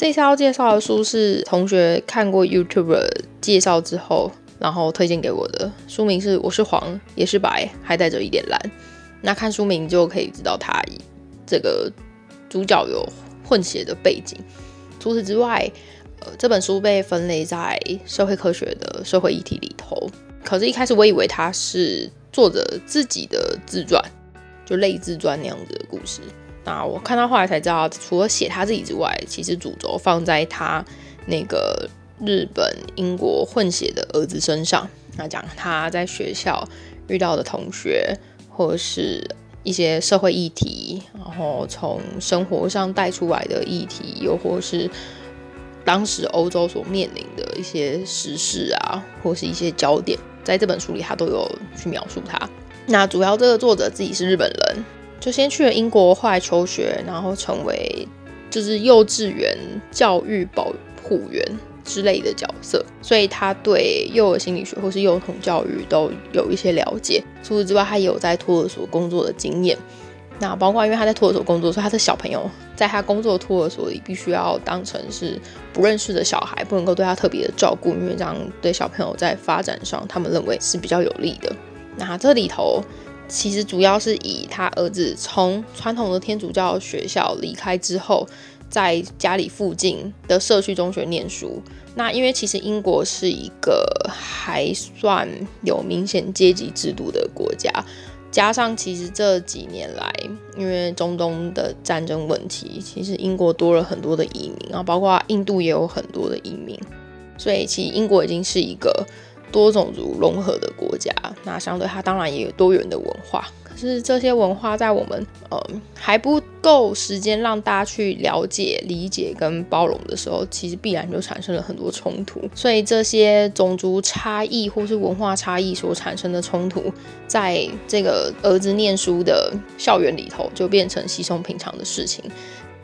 這次要介紹的書是同學看過 YouTuber 介紹之後，然後推薦給我的。書名是《我是黃，也是白，還帶着一點藍》。那看書名就可以知道它這個主角有混血的背景。除此之外，呃，這本書被分類在社會科學的社會議題裡頭。可是，一開始我以為它是作者自己的自傳，就類自傳那樣子的故事。那我看到後來才知道，除了寫他自己之外，其實主軸放在他那個日本英國混血的兒子身上。那講他在學校遇到的同學，或是一些社會議題，然後從生活上帶出來的議題，又或是當時歐洲所面臨的一些時事啊，或是一些焦點，在這本書裡他都有去描述他。那主要這個作者自己是日本人，就先去了英國，後來求學，然後成為就是幼稚園教育保護員之類的角色，所以他對幼兒心理學或是幼童教育都有一些了解。除此之外，他也有在托兒所工作的經驗。那包括，因為他在托兒所工作時，所以他的小朋友在他工作托兒所裡，必須要當成是不認識的小孩，不能夠對他特別的照顧，因為這樣對小朋友在發展上，他們認為是比較有利的。那這裡頭。其實主要是以他兒子從傳統的天主教學校離開之後，在家裡附近的社區中學念書。那因為其實英國是一個還算有明顯階級制度的國家，加上其實這幾年來，因為中東的戰爭問題，其實英國多了很多的移民，啊，包括印度也有很多的移民，所以其實英國已經是一個。多種族融合的國家，那相對它當然也有多元的文化。可是這些文化在我們、嗯、還不夠時間讓大家去了解、理解跟包容的時候，其實必然就產生了很多衝突。所以這些種族差異或是文化差異所產生的衝突，在這個兒子念書的校園裡頭，就變成稀鬆平常的事情。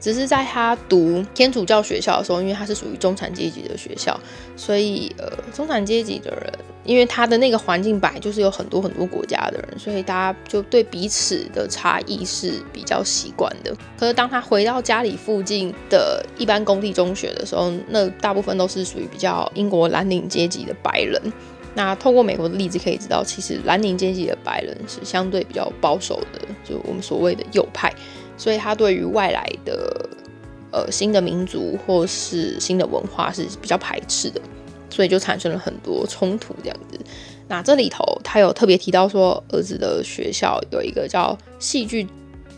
只是在他讀天主教學校的時候，因為他是屬於中產階級的學校，所以呃，中產階級的人，因為他的那個環境本來，就是有很多很多國家的人，所以大家就對彼此的差異是比較習慣的。可是當他回到家裡附近的一般公立中學的時候，那大部分都是屬於比較英國藍領階級的白人。那透過美國的例子可以知道，其實藍領階級的白人是相對比較保守的，就我們所謂的右派。所以他對於外來的，呃，新的民族或是新的文化是比較排斥的，所以就產生了很多衝突這樣子。那這裡頭他有特別提到說，兒子的學校有一個叫戲劇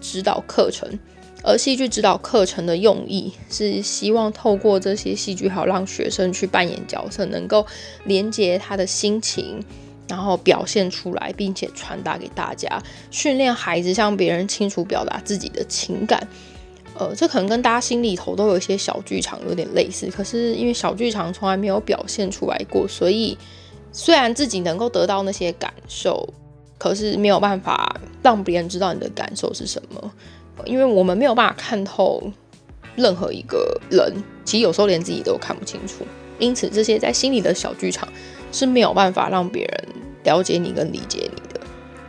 指導課程，而戲劇指導課程的用意是希望透過這些戲劇，好讓學生去扮演角色，能夠連接他的心情。然後表現出來，並且傳達給大家。訓練孩子向別人清楚表達自己的情感，呃，這可能跟大家心裡頭都有一些小劇場有點類似。可是因為小劇場從來沒有表現出來過，所以雖然自己能夠得到那些感受，可是沒有辦法讓別人知道你的感受是什麼。呃，因為我們沒有辦法看透任何一個人，其實有時候連自己都看不清楚。因此，這些在心裡的小劇場。是沒有辦法讓別人了解你跟理解你的，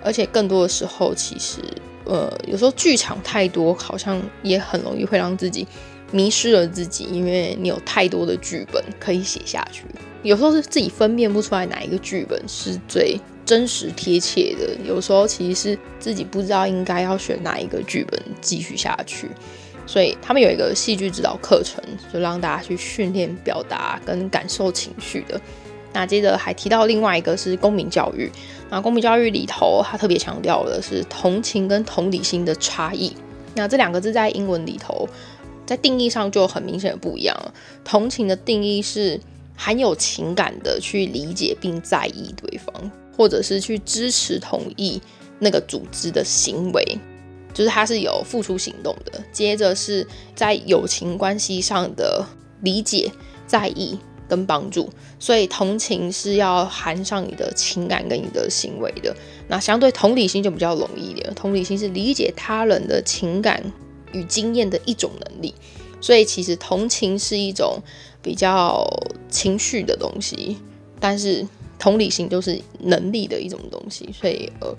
而且更多的時候，其實呃，有時候劇場太多，好像也很容易會讓自己迷失了自己，因為你有太多的劇本可以寫下去。有時候是自己分辨不出來哪一個劇本是最真實貼切的，有時候其實是自己不知道應該要選哪一個劇本繼續下去。所以他們有一個戲劇指導課程，就讓大家去訓練表達跟感受情緒的。那接着還提到另外一個是公民教育，那公民教育裡頭，他特別強調的是同情跟同理心的差異。那這兩個字在英文裡頭，在定義上就很明顯的不一樣了。同情的定義是含有情感的去理解並在意對方，或者是去支持同意那個組織的行為，就是他是有付出行動的。接着是在友情關係上的理解在意，跟幫助，所以同情是要含上你的情感跟你的行為的。那相對同理心就比較容易一點。同理心是理解他人的情感與經驗的一種能力。所以其實同情是一種比較情緒的東西，但是同理心就是能力的一種東西。所以呃，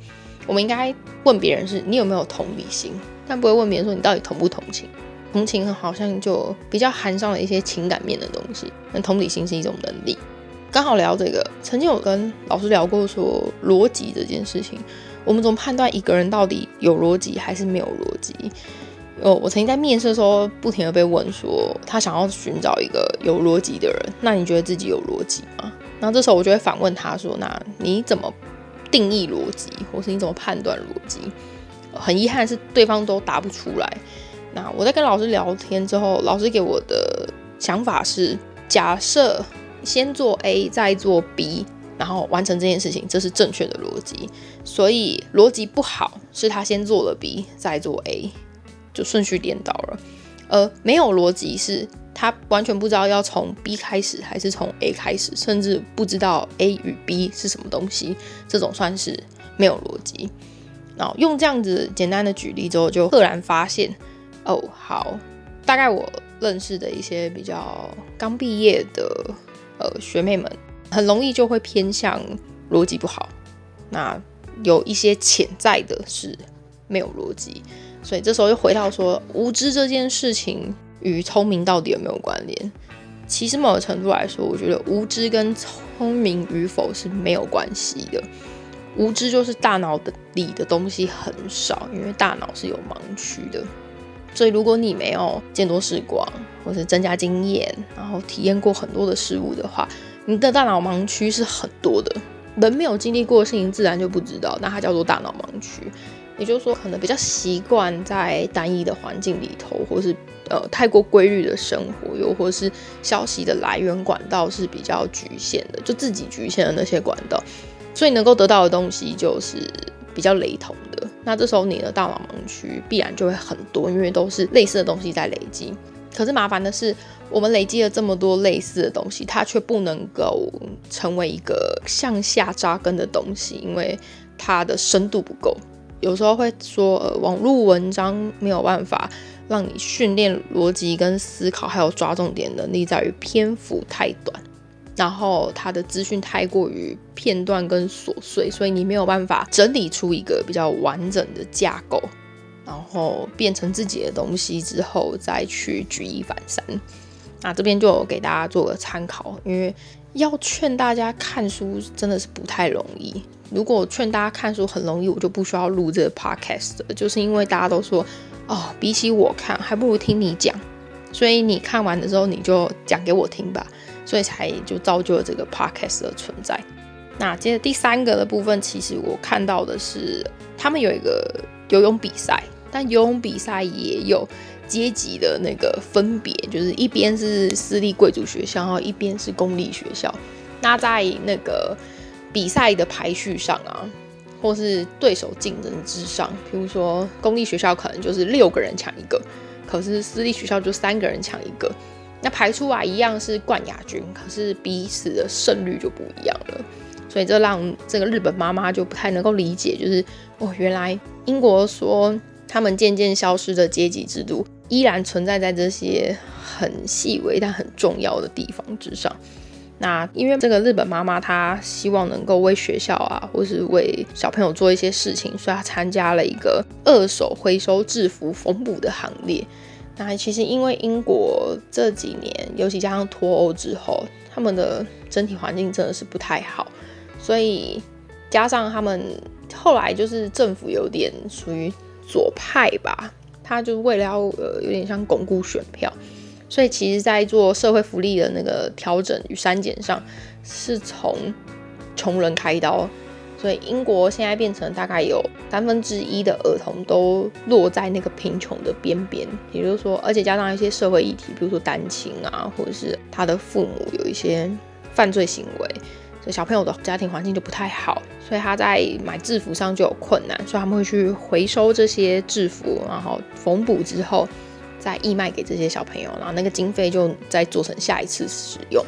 我們應該問別人是你有沒有同理心，但不會問別人說你到底同不同情。同情好像就比較含上了一些情感面的東西，那同理心是一種能力。剛好聊這個，曾經我跟老師聊過，說邏輯這件事情，我們怎麼判斷一個人到底有邏輯還是沒有邏輯？哦，我曾經在面試的時候，不停的被問說，他想要尋找一個有邏輯的人，那你覺得自己有邏輯嗎？然後這時候我就會反問他說，那你怎麼定義邏輯，或是你怎麼判斷邏輯？很遺憾是對方都答不出來。那我在跟老師聊天之後，老師給我的想法是：假設先做 A 再做 B，然後完成這件事情，這是正確的邏輯。所以邏輯不好是他先做了 B 再做 A，就順序顛倒了。而沒有邏輯是他完全不知道要從 B 開始還是從 A 開始，甚至不知道 A 與 B 是什麼東西，這種算是沒有邏輯。然後用這樣子簡單的舉例之後，就赫然發現。哦、oh，好，大概我認識的一些比較剛畢業的，呃，學妹們，很容易就會偏向邏輯不好。那有一些潛在的是沒有邏輯，所以這時候就回到說，無知這件事情與聰明到底有沒有關聯？其實某個程度來說，我覺得無知跟聰明與否是沒有關係的。無知就是大腦的裡的東西很少，因為大腦是有盲區的。所以，如果你沒有見多識廣，或是增加經驗，然後體驗過很多的事物的話，你的大腦盲區是很多的。人沒有經歷過的事情，自然就不知道，那它叫做大腦盲區。也就是說，可能比較習慣在單一的環境裡頭，或是呃太過規律的生活，又或是消息的來源管道是比較侷限的，就自己侷限的那些管道，所以能夠得到的東西就是比較雷同的。那這時候你的大腦盲區必然就會很多，因為都是類似的東西在累積。可是麻煩的是，我們累積了這麼多類似的東西，它卻不能夠成為一個向下扎根的東西，因為它的深度不夠。有時候會說，呃，網絡文章沒有辦法讓你訓練邏輯跟思考，還有抓重點能力在於篇幅太短。然後他的資訊太過於片段跟瑣碎，所以你沒有辦法整理出一個比較完整的架構，然後變成自己的東西之後再去舉一反三。那這邊就給大家做個參考，因為要勸大家看書真的是不太容易。如果勸大家看書很容易，我就不需要錄這個 podcast 了。就是因為大家都說，哦，比起我看，還不如聽你講。所以你看完的時候，你就講給我聽吧。所以才就造就了這個 podcast 的存在。那接着第三個的部分，其實我看到的是他們有一個游泳比賽，但游泳比賽也有階級的那個分別，就是一邊是私立貴族學校，然後一邊是公立學校。那在那個比賽的排序上啊，或是對手競爭之上，比如說公立學校可能就是六個人搶一個，可是私立學校就三個人搶一個。那排出來一樣是冠亞軍，可是彼此的勝率就不一樣了，所以這讓這個日本媽媽就不太能夠理解，就是哦，原來英國說他們漸漸消失的階級制度依然存在在這些很細微但很重要的地方之上。那因為這個日本媽媽她希望能夠為學校啊，或是為小朋友做一些事情，所以她參加了一個二手回收制服縫補的行列。那其實因為英國這幾年，尤其加上脫歐之後，他們的整體環境真的是不太好，所以加上他們後來就是政府有點屬於左派吧，他就為了要呃有點像鞏固選票，所以其實，在做社會福利的那個調整與刪減上，是從窮人開刀。所以英國現在變成大概有三分之一的兒童都落在那個貧窮的邊邊，也就是說，而且加上一些社會議題，比如說單親啊，或者是他的父母有一些犯罪行為，所以小朋友的家庭環境就不太好，所以他在買制服上就有困難，所以他們會去回收這些制服，然後縫補之後再義賣給這些小朋友，然後那個經費就再做成下一次使用。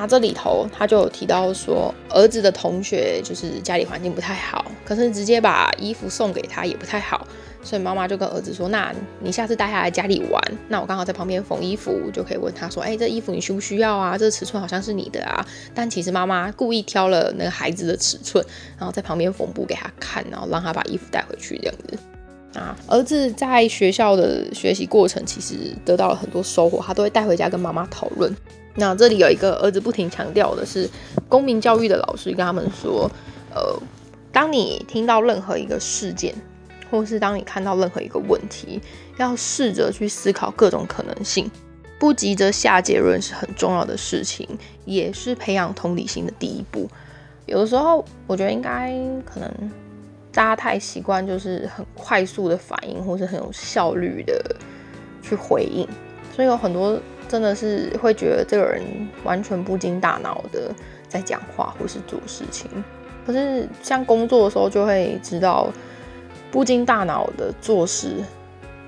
那這裡頭，他就有提到說，兒子的同學就是家裡環境不太好，可是直接把衣服送給他也不太好，所以媽媽就跟兒子說，那你下次帶他來家裡玩，那我剛好在旁邊縫衣服，就可以問他說，哎、欸，這衣服你需不需要啊？這尺寸好像是你的啊，但其實媽媽故意挑了那個孩子的尺寸，然後在旁邊縫補給他看，然後讓他把衣服帶回去這樣子。啊，兒子在學校的學習過程其實得到了很多收穫，他都會帶回家跟媽媽討論。那這裡有一個兒子不停強調的是，公民教育的老師跟他們說，呃，當你聽到任何一個事件，或是當你看到任何一個問題，要試着去思考各種可能性，不急着下結論是很重要的事情，也是培養同理心的第一步。有的時候，我覺得應該可能。大家太習慣就是很快速的反應，或是很有效率的去回應，所以有很多真的是會覺得這個人完全不經大腦的在講話或是做事情。可是像工作的時候就會知道不經大腦的做事，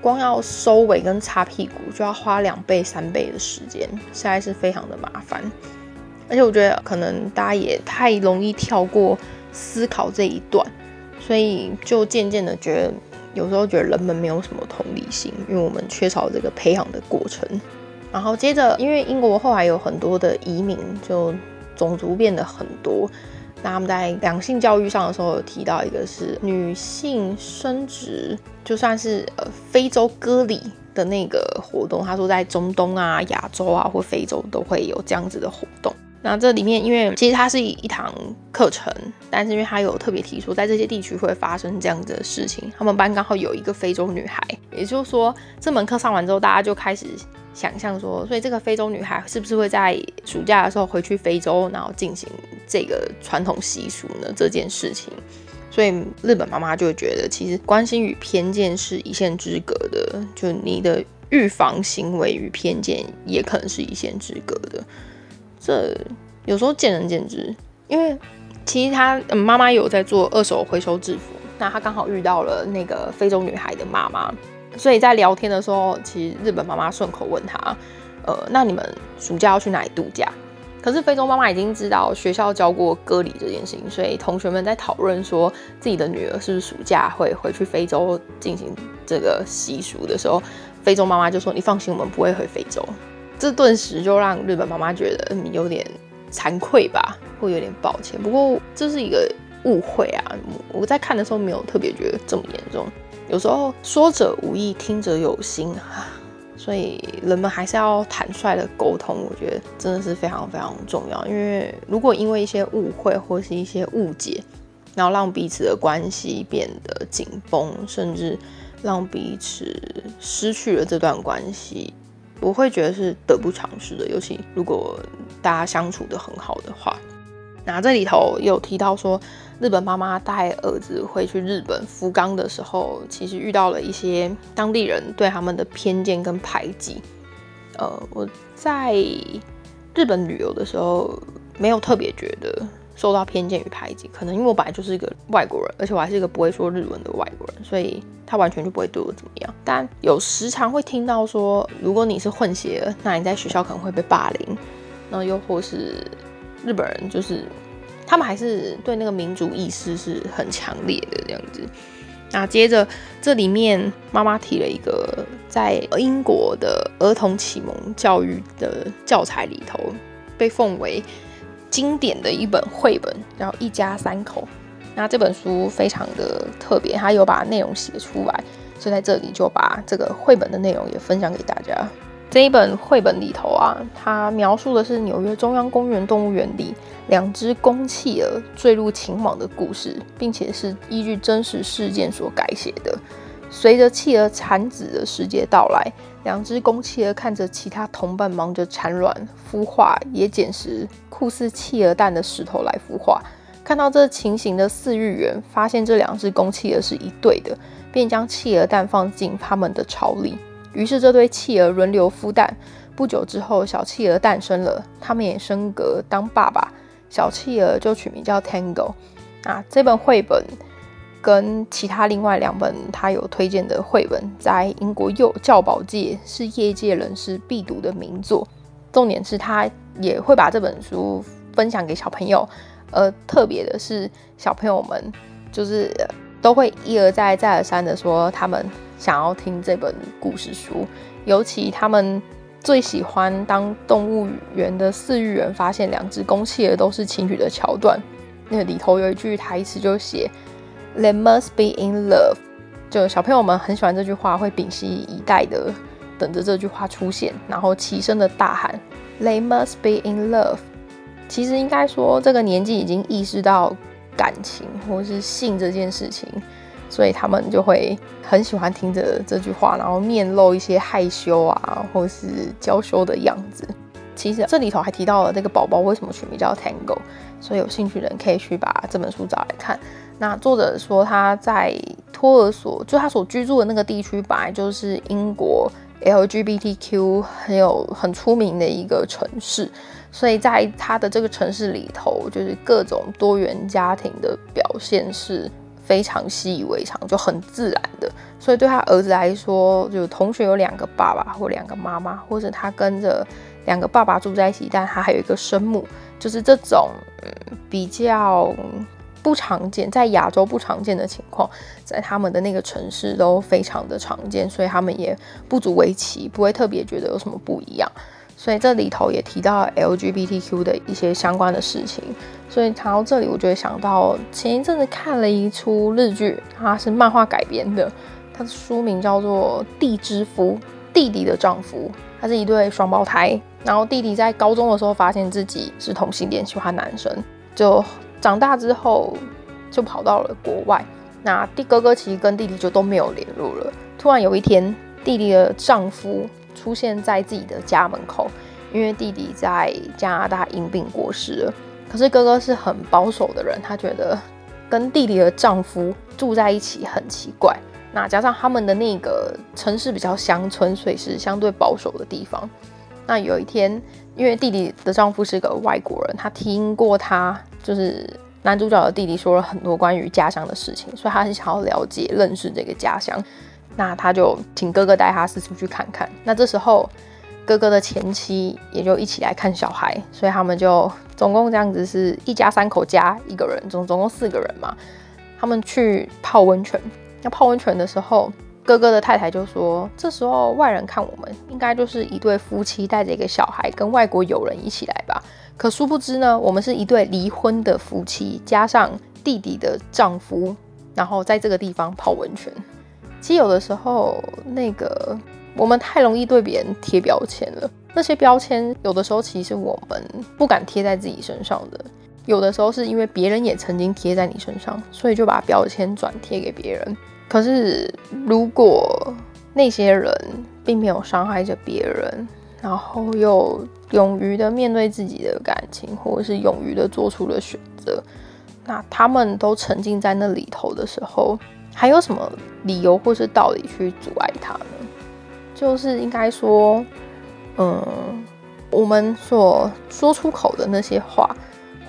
光要收尾跟擦屁股就要花兩倍三倍的時間，實在是非常的麻煩。而且我覺得可能大家也太容易跳過思考這一段。所以就漸漸的覺得，有時候覺得人們沒有什麼同理心，因為我們缺少這個培養的過程。然後接着，因為英國後來有很多的移民，就種族變得很多。那他們在兩性教育上的時候有提到一個，是女性生殖，就算是呃非洲割禮的那個活動。他說在中東啊、亞洲啊或非洲都會有這樣子的活動。然後這裡面，因為其實它是一堂課程，但是因為它有特別提出，在這些地區會發生這樣子的事情。他們班剛好有一個非洲女孩，也就是說，這門課上完之後，大家就開始想象說，所以這個非洲女孩是不是會在暑假的時候回去非洲，然後進行這個傳統習俗呢？這件事情，所以日本媽媽就覺得，其實關心與偏見是一線之隔的，就你的預防行為與偏見也可能是一線之隔的。這有時候見仁見智，因為其實她媽媽有在做二手回收制服，那她剛好遇到了那個非洲女孩的媽媽，所以在聊天的時候，其實日本媽媽順口問她，呃，那你們暑假要去哪裡度假？可是非洲媽媽已經知道學校教過割禮這件事情，所以同學們在討論說自己的女兒是不是暑假會回去非洲進行這個習俗的時候，非洲媽媽就說：“你放心，我們不會回非洲。”這頓時就讓日本媽媽覺得嗯，有點慚愧吧，會有點抱歉。不過這是一個誤會啊，我在看的時候沒有特別覺得這麼嚴重。有時候說者無意，聽者有心啊，所以人們還是要坦率的溝通，我覺得真的是非常非常重要。因為如果因為一些誤會或是一些誤解，然後讓彼此的關係變得緊繃，甚至讓彼此失去了這段關係。我會覺得是得不償失的，尤其如果大家相處得很好的話。那這裡頭有提到說，日本媽媽帶兒子回去日本福岡的時候，其實遇到了一些當地人對他們的偏見跟排擠。呃，我在日本旅遊的時候，沒有特別覺得。受到偏見與排擠，可能因為我本來就是一個外國人，而且我還是一個不會說日文的外國人，所以他完全就不會對我怎麼樣。但有時常會聽到說，如果你是混血，那你在學校可能會被霸凌。那又或是日本人，就是他們還是對那個民族意識是很強烈的這樣子。那接着這裡面媽媽提了一個，在英國的兒童啟蒙教育的教材裡頭，被奉為。經典的一本繪本，然後一家三口。那這本書非常的特別，他有把內容寫出來，所以在這裡就把這個繪本的內容也分享給大家。這一本繪本裡頭啊，它描述的是紐約中央公園動物園裡兩隻公企鵝墜入情網的故事，並且是依據真實事件所改寫的。隨着企鵝產子的時節到來，兩隻公企鵝看着其他同伴忙着產卵、孵化、也撿食。酷似企鵝蛋的石頭來孵化。看到這情形的飼育員發現這兩隻公企鵝是一對的，便將企鵝蛋放進他們的巢裡。於是這對企鵝輪流孵蛋。不久之後，小企鵝誕生了，他們也升格當爸爸。小企鵝就取名叫 Tango。那，這本繪本跟其他另外兩本他有推薦的繪本，在英國幼教保界是業界人士必讀的名作。重點是它。也會把這本書分享給小朋友，而、呃、特別的是，小朋友們就是都會一而再、再而三的說他們想要聽這本故事書，尤其他們最喜歡當動物園的飼育員發現兩隻公企鵝都是情侶的橋段，那裡頭有一句台詞就寫 “They must be in love”，就小朋友們很喜歡這句話，會屏息以待的。等着這句話出現，然後齊聲的大喊：“They must be in love。”其實應該說，這個年紀已經意識到感情或是性這件事情，所以他們就會很喜歡聽着這句話，然後面露一些害羞啊，或是嬌羞的樣子。其實這裡頭還提到了這個寶寶為什麼取名叫 Tango，所以有興趣的人可以去把這本書找來看。那作者說他在托兒所，就他所居住的那個地區，本來就是英國。LGBTQ 很有很出名的一個城市，所以在他的這個城市裡頭，就是各種多元家庭的表現是非常習以為常，就很自然的。所以對他兒子來說，就是同學有兩個爸爸或兩個媽媽，或者他跟着兩個爸爸住在一起，但他還有一個生母，就是這種比較。不常見，在亞洲不常見的情況，在他們的那個城市都非常的常見，所以他們也不足為奇，不會特別覺得有什麼不一樣。所以這裡頭也提到 LGBTQ 的一些相關的事情。所以談到這裡，我就會想到前一陣子看了一出日劇，它是漫畫改編的，它的書名叫做《弟之夫》，弟弟的丈夫，他是一對雙胞胎。然後弟弟在高中的時候發現自己是同性戀，喜歡男生，就。長大之後，就跑到了國外。那弟哥哥其實跟弟弟就都沒有聯絡了。突然有一天，弟弟的丈夫出現在自己的家門口，因為弟弟在加拿大因病過世了。可是哥哥是很保守的人，他覺得跟弟弟的丈夫住在一起很奇怪。那加上他們的那個城市比較鄉村，所以是相對保守的地方。那有一天，因為弟弟的丈夫是個外國人，他聽過他。就是男主角的弟弟說了很多關於家鄉的事情，所以他很想要了解、認識這個家鄉。那他就請哥哥帶他四處去看看。那這時候，哥哥的前妻也就一起來看小孩，所以他們就總共這樣子是一家三口加一個人，總總共四個人嘛。他們去泡溫泉。那泡溫泉的時候，哥哥的太太就說：“這時候外人看我們，應該就是一對夫妻帶着一個小孩，跟外國友人一起來吧。”可殊不知呢，我們是一對離婚的夫妻，加上弟弟的丈夫，然後在這個地方泡溫泉。其實有的時候，那個我們太容易對別人貼標籤了。那些標籤有的時候其實我們不敢貼在自己身上的，有的時候是因為別人也曾經貼在你身上，所以就把標籤轉貼給別人。可是如果那些人並沒有傷害着別人，然後又。勇於的面對自己的感情，或者是勇於的做出了選擇，那他們都沉浸在那裡頭的時候，還有什麼理由或是道理去阻礙他呢？就是應該說，嗯，我們所說出口的那些話，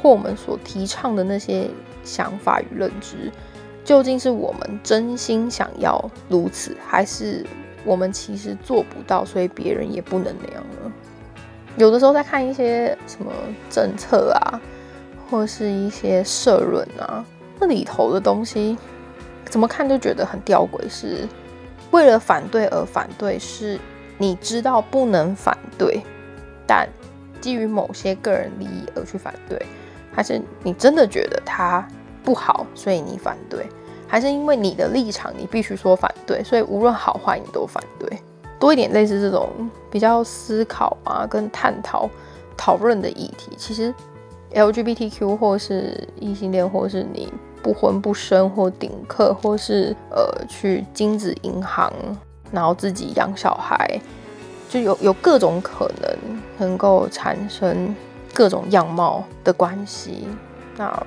或我們所提倡的那些想法與認知，究竟是我們真心想要如此，還是我們其實做不到，所以別人也不能那樣呢？有的時候在看一些什麼政策啊，或是一些社論啊，那裡頭的東西，怎麼看都覺得很吊詭：是為了反對而反對，是你知道不能反對，但基於某些個人利益而去反對，還是你真的覺得它不好，所以你反對，還是因為你的立場你必須說反對，所以無論好壞你都反對。多一點類似這種比較思考啊，跟探討、討論的議題，其實 L G B T Q 或是異性戀，或是你不婚不生或頂客，或是呃去精子銀行，然後自己養小孩，就有有各種可能，能夠產生各種樣貌的關係。那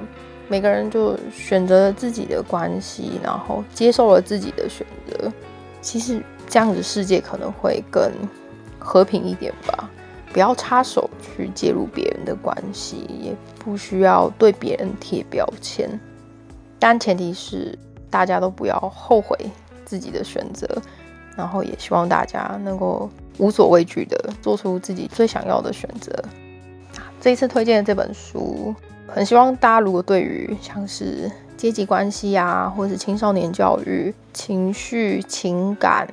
每個人就選擇了自己的關係，然後接受了自己的選擇。其實。這樣子世界可能會更和平一點吧，不要插手去介入別人的關係，也不需要對別人貼標籤，但前提是大家都不要後悔自己的選擇，然後也希望大家能夠無所畏懼的做出自己最想要的選擇。這一次推薦的這本書，很希望大家如果對於像是階級關係呀、啊，或是青少年教育、情緒、情感，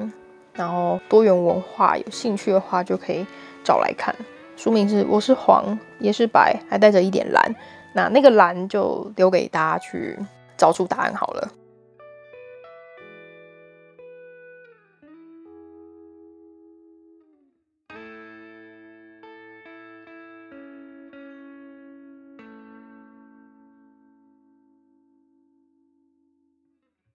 然後多元文化有興趣的話，就可以找來看。書名是《我是黃，也是白》，還帶着一點藍。那那個藍就留給大家去找出答案好了。